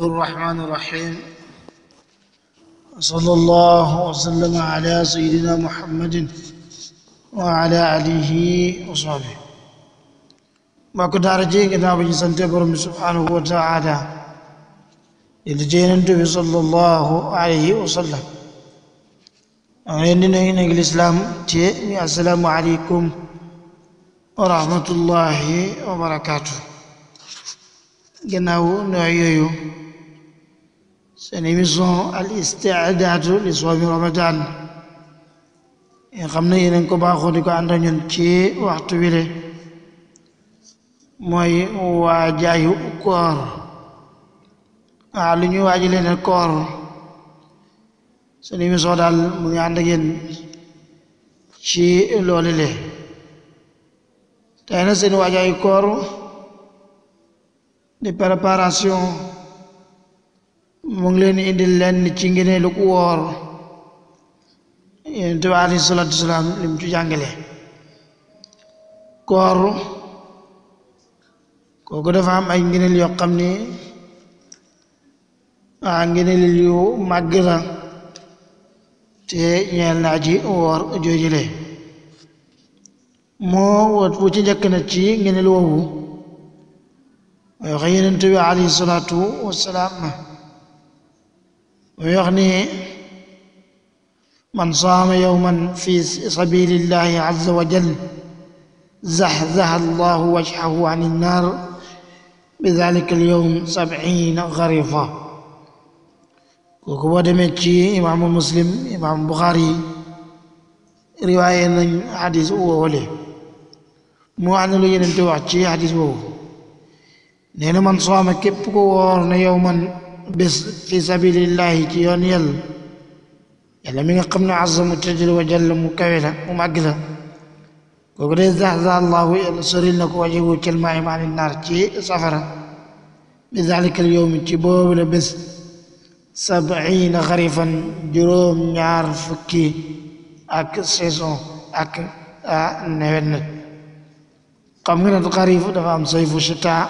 الرحمن الرحيم صلى الله وسلم على سيدنا محمد وعلى آله وصحبه ما كنت أرجي كتاب جسنت برم سبحانه وتعالى يلجين النبي صلى الله عليه وسلم أعيننا هنا الإسلام السلام عليكم ورحمة الله وبركاته gannaaw nooy yooyu seen émission al istiadaatu li soomi ramadan nga xam ne yéen ko baaxoo di ko ànd ci waxtu wile mooy waajaayu koor waaw lu ñuy waaji leen koor seen émission daal mu ngi ànd ak ci loolu le tey na seen waajaayu koor di préparation mu ngi leen indil leen ci ngëneelu ku woor yonent bi alayhi salaatu wasalaam lim ci jàngale koor kooku dafa am ay ngëneel yoo xam ni ah ngëneel yu màgg la te ñeel naa ji woor joojule moo wat wu ci njëkk na ci ngëneel woowu ويغير النبي عليه الصلاة والسلام ويغني من صام يوما في سبيل الله عز وجل زحزح الله وجهه عن النار بذلك اليوم سبعين غرفة كوكو دمتشي إمام مسلم إمام بخاري رواية حديث أولي مو عن اللي أنت حديث أولي نين من صام كبكو ورن يوما بس في سبيل الله كيون يل يلا من قمنا عز متجل وجل مكولا ومعقذا وقري زهزا الله إلى سرين لك وجهه كلمة مع النار تي سفرا بذلك اليوم تبوب لبس سبعين خريفا جروم نار فكي أك سيسون أك نهنت قمنا القريف دفع صيف الشتاء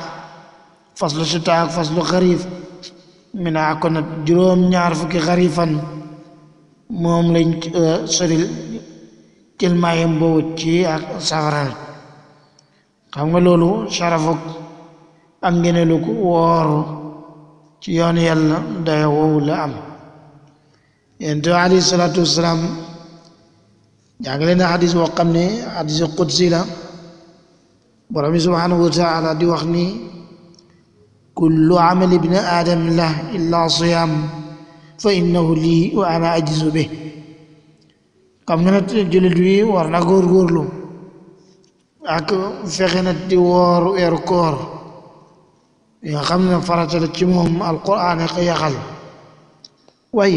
فصل الشتاء فصل الخريف من أكون جروم نعرف كي خريفا موم لين آه، سريل تل ما يمبو تي سفران خم لولو شرفك أم جنلوك وار تيان يلا دايو ولا أم ينتو عليه الصلاة والسلام جعلنا حديث وقمني حديث قدسي لا برمي سبحانه وتعالى دي وخني كل عمل ابن آدم له إلا صيام فإنه لي وأنا أجز به كم نت جلد وي ورنا غور غور لو أك فخنا الدوار إركور يا خم نفرت لتشمهم القرآن قيقل وي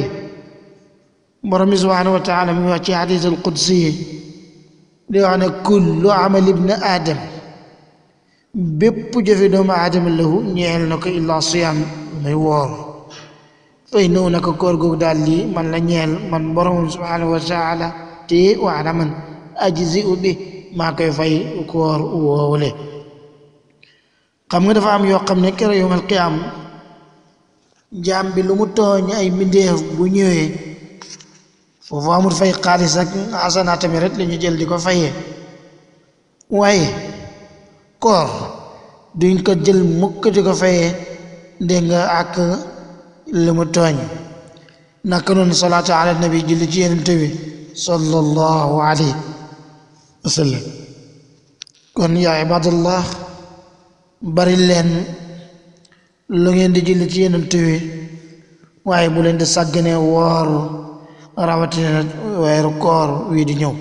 مرمز سبحانه وتعالى من وجه حديث القدسي لأن كل عمل ابن آدم bépp jëfe doomu aadama lahu ñeel na ko illaa siyaam muy woor fay nëw na ko koor googu daal lii man la ñeel man borom subhanahu wa taala te waana man ajzi u bi maa koy fay koor woowule xam nga dafa am yoo xam ne kere yowmal qiyaam jaam bi lu mu tooñ ay mbindeef bu ñëwee foofu amul fay xaalis ak asanaatami rek la ñu jël di ko fayee waaye koor duñ ko jël mukk di ko fayee dégg nga ak li naka noonu salaatu ala nabi julli ci yenente bi sallallahu alayhi wa sallam kon yaa ibadallah bari leen lu ngeen di julli ci yenente bi waaye bu leen di sàggane woor rawatina weeru koor wii di ñëw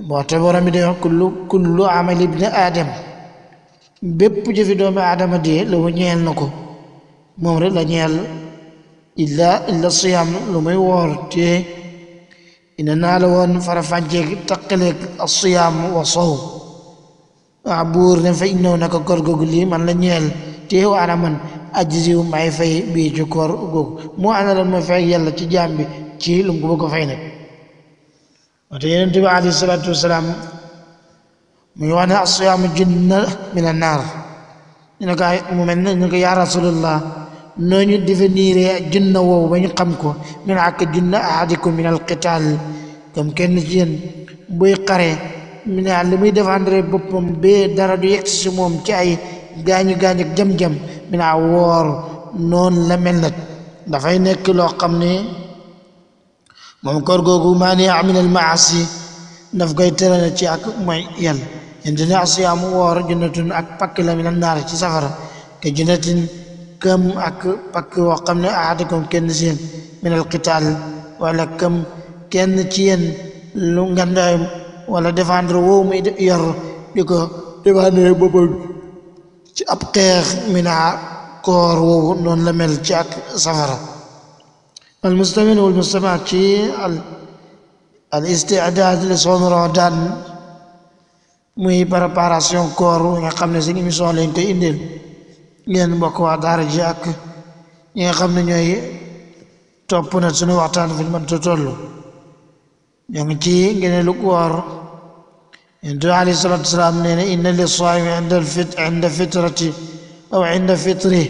moo tax borom bi day kullu kullu ibni aadam bépp jëfi doomi aadama dee la mu ñeel na ko moom rek la ñeel illa illa siyaam lu muy woor te ina naa la woon farafànceeg taqaleeg asiyaam wa sow waa buur ne fa innaw naka koor googu lii man la ñeel te waana man ajjiw may fay bii ci koor googu moo ana lan mooy fay yàlla ci jaam bi ci lu mu ko fay nag وتين انتبه عليه الصلاة والسلام ميوانا الصيام الجنة من النار إنك ممن إنك يا رسول الله نو ديفنير جنة وبني قمكو من عك جنة أحدكم من القتال كم كان جن بوي قري من علمي دف اندري بوبم بي دارا دو يكس سموم تي غاني غاني جم جم من عوار نون لا ملنا دا فاي نيك لو خامني moom koor googu maaniyaa min al maasi daf koy tërale ci ak mooy yàlla yentene asiyaamu woor junnatun ak pakk la min al naar ci safara ke junnatin kam ak pakk woo xam ne ahadakum kenn si yéen min al qitaal wala kam kenn ci yéen lu ngandayam wala défendre woowu muy yor di ko défendre boppam ci ab xeex mina koor woowu noonu la mel ci ak safara المسلمين والمسلمات شيء الاستعداد لصوم رمضان مي بارباراسيون كورو يا خامنا سي ني ميسون لين تي اندل نين بوكو دار جاك يا خامنا نيوي توپ نات سونو واتان فين مان توتولو نيغي تي غين لو كور ان دو علي صلى الله عليه ان للصائم عند الفطر عند فطرتي او عند فطره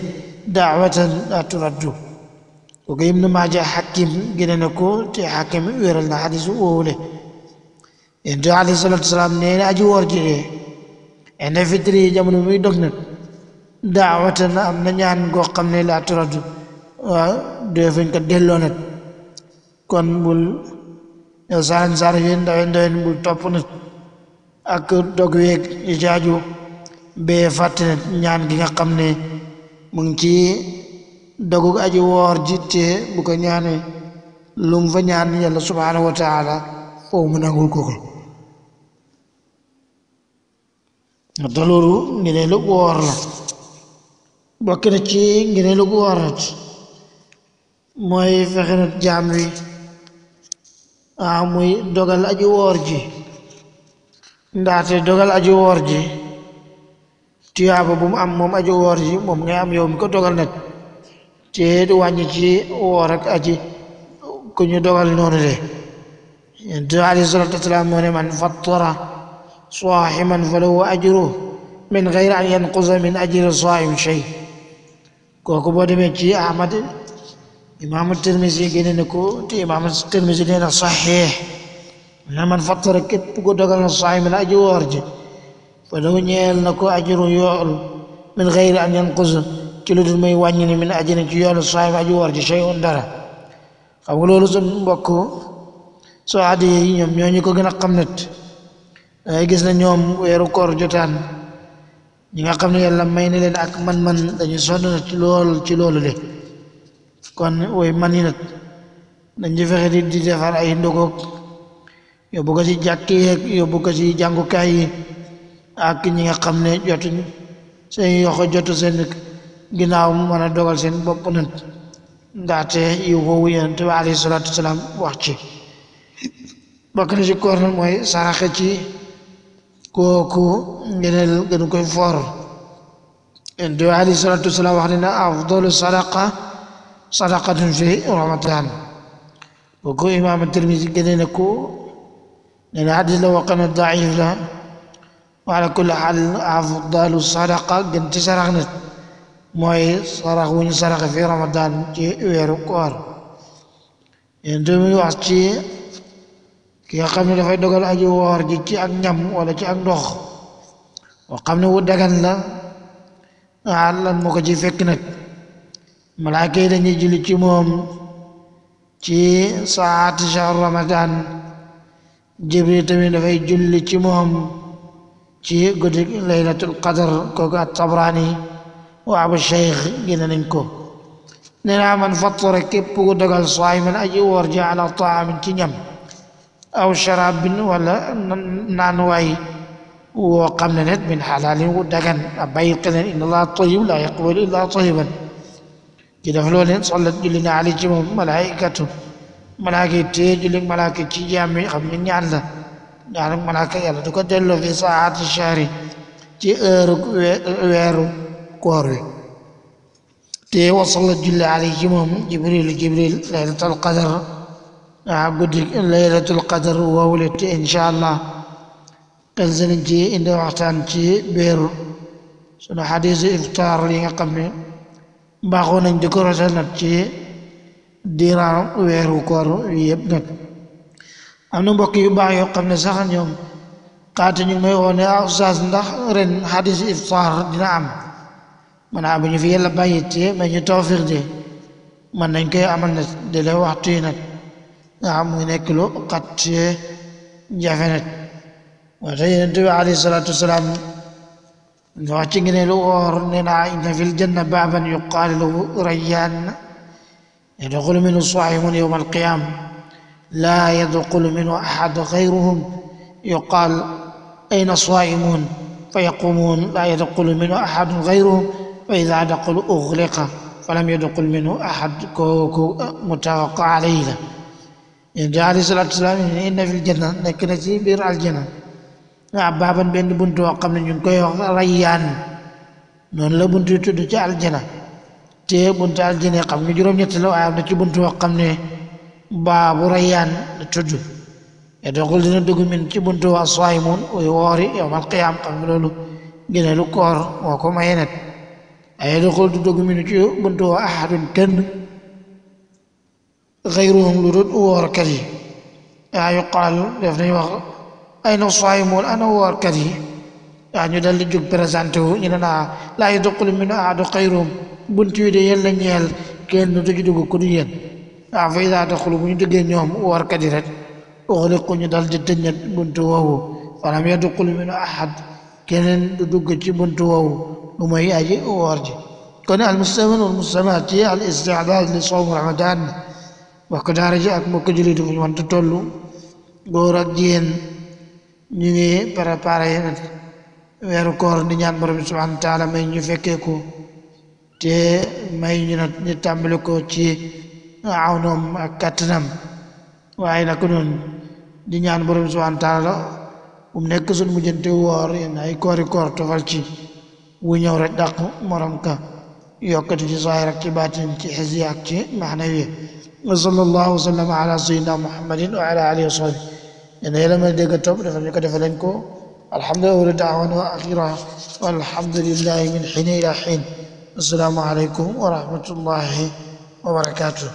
دعوه لا تردو kooku Ibnu Maaja Hakim génne na ko te Hakim wéral na xadis woowule yonent bi alayhi salaatu aji woor ji dee inda fitri jamono muy dog nag daawatan am na ñaan goo xam ne laa turadu waaw dee fañ kon bul yow saaran saar yi ndawen ndawen bul ak dog weeg yi jaaju bee fàtte ñaan gi nga xam ne mu ci dogug aji woor ji tee bu ko ñaanee lu mu fa ñaan yàlla subhaanahu wa taala nangul ko ko te loolu ngëneelu woor la bokk na ci ngëneelu woor la mooy fexe jaam wi ah muy dogal aji woor ji ndaate dogal aji woor ji tuyaaba bu mu am moom aji woor ji moom ngay am yow mi ko dogal nag te du wàññi ci woor ak aji ku ñu dogal noonu de yonent alayhi salaatu wasalaam moo ne man fattara saaximan falahu ajru min gayri an yanqusa min ajri saaim shay kooku boo demee ci ahmad imaamu tirmisi génne na ko te imaamu tirmisi nee na saxiix na man fattara képp ko dogal na saaximan aji woor ji falahu ñeel na ko ajru yool min gayri an yanqusa ci lu dul may wàññi ni min ajrin ci yoolu saayim aji woor ji shay'un dara xam nga loolu sa mbokk soo aadiyee yi ñoom ñoo ñu ko gën a xam nit dangay gis na ñoom weeru koor jotaan ñi nga xam ne yàlla may na leen ak man-man dañu sonn na ci lool ci loolu le kon way man yi nag dañ ci fexe di di defar ay ndogoog yóbbu ko ci jàkk yeeg yóbbu ko ci jàngukaay yi ak ñi nga xam ne jotuñ seen yoxo jotu seen ginaaw mu mën a dogal seen bopp nant ndaxte yiw woowu yonent bi alayhi salaatu wasalaam wax ci bokk na ci koor nag mooy saraxe ci kooku ngeneel gën koy foor yonent bi alayhi salaatu wasalaam wax ne na afdalu sadaqa sadaqatun fi ramadan kooku imaam Tirmisi gene ne ko nee na hadis la waqan na daif la wa ala kulli hal afdalu sadaqa gën ci sarax nit mooy sarax wu ñu saraxe fi ramadan ci weeru koor yéen mi ngi wax ci ki nga xam ne dafay dogal aji woor ji ci ak ñam wala ci ak ndox wa xam ne wu dagan la ah lan moo ko ci fekk nag malaaka dañuy julli ci moom ci saati shahr ramadan jibril tamit dafay julli ci moom ci guddi laylatul qadar kooku at tabrani وعب الشيخ جننكو نرى من فطر كيب ودقل الصائم أجي ورجع على طعام تنم أو شراب ولا نانواي نت من حلال ودقن أبيقن إن الله طيب لا يقبل إلا طيبا كده فلولين صلت جلنا على جمهم ملائكته ملائكة تيجلين ملائكة تيجامي خمين يعلا يعني ملائكة يعلا تقدر له في ساعات الشهر ci heure weeru koor wi te wasalla julli alay ci moom jibril jibril laylatul qadar waa guddi laylatul qadar woowule te incha allah ci indi ci beeru sunu xadiisu iftaar yi nga xam ne mbaaxoo nañ di ko rotal ci diiraan weeru koor wi yëpp am na mbokk yu baax yoo xam ne sax ñoom xaati ñu may woone ah oustaz ndax ren xadiisu iftaar dina am mana abu ñu fi yalla bayyi té ma ñu tawfiq dé man nañ koy amal na de la waxtu nak nga xam mu nekk lu xat jafe nag moo tax yonent bi alayhi salaatu wasalaam nga wax ci ngeen lu woor nee naa inna fi ljanna baaban yuqaalu lahu rayyaan yadxulu minhu saa'imun yawma alqiyaama laa yadxulu minhu axad gayruhum yuqaal ayna saa'imuun fa yaquumuun laa yadxulu minhu axadun gayruhum fa ida daqul uxliqa falam yadxul minhu ahad kooku mutafaqa alayhi la yonent bi alayhi salaatu wasalaam inna fil janna nekk na ci biir aljanna waa baaban benn buntu woo ne ñu ngi koy wax rayyaan noonu la buntu yi tudd ci aljanna te buntu aljanna xam nga juróom-ñett la waaye na ci buntu woo xam ne baabu rayyaan la tudd yadxul dina dugg min ci buntu waa saayimuun woori yawmal qiyaama xam nga loolu gënalu koor moo ko mayenet ay daxul du dugg minu ci buntu wa ahadun kenn xayruhum lu dul woorkat yi yaa yuqaal def nañ wax ay na saayimuun ana woorkat yi yaa ñu dal di jóg présenté wu ñu ne naa laa yadxulu minu ahadun xayruhum bunt yi de yéen la ñeel kenn du ci dugg ku du yéen waaw fa idaa daxulu bu ñu duggee ñoom woorkat yi rek uxliqu ñu dal di tëññat buntu woowu falam yadxulu minu ahad keneen du dugg ci buntu woowu وما هي أجي وأرجع كنا المستمعين والمستمعات على الاستعداد لصوم رمضان وقد رجع بك جلد في من تطلو غورك جين ñu ngi préparé weeru koor di ñaan borom bi subhanahu wa taala may ñu fekkee ko te may ñu nag ñu tàmbali ko ci awnoom ak kattanam waaye nag noonu di ñaan borom bi subhanahu wa taala um nekk suñ mujjante woor yenn ay koori koor tofal ci ويو ردق مرمك يوكد في ظاهرك باتن تحزيك معنوي وصلى الله وسلم على سيدنا محمد وعلى آله وصحبه إن إلى من ديك التوب نفرنك دفلنكو الحمد لله ورد دعوانه أخيرا والحمد لله من حين إلى حين السلام عليكم ورحمة الله وبركاته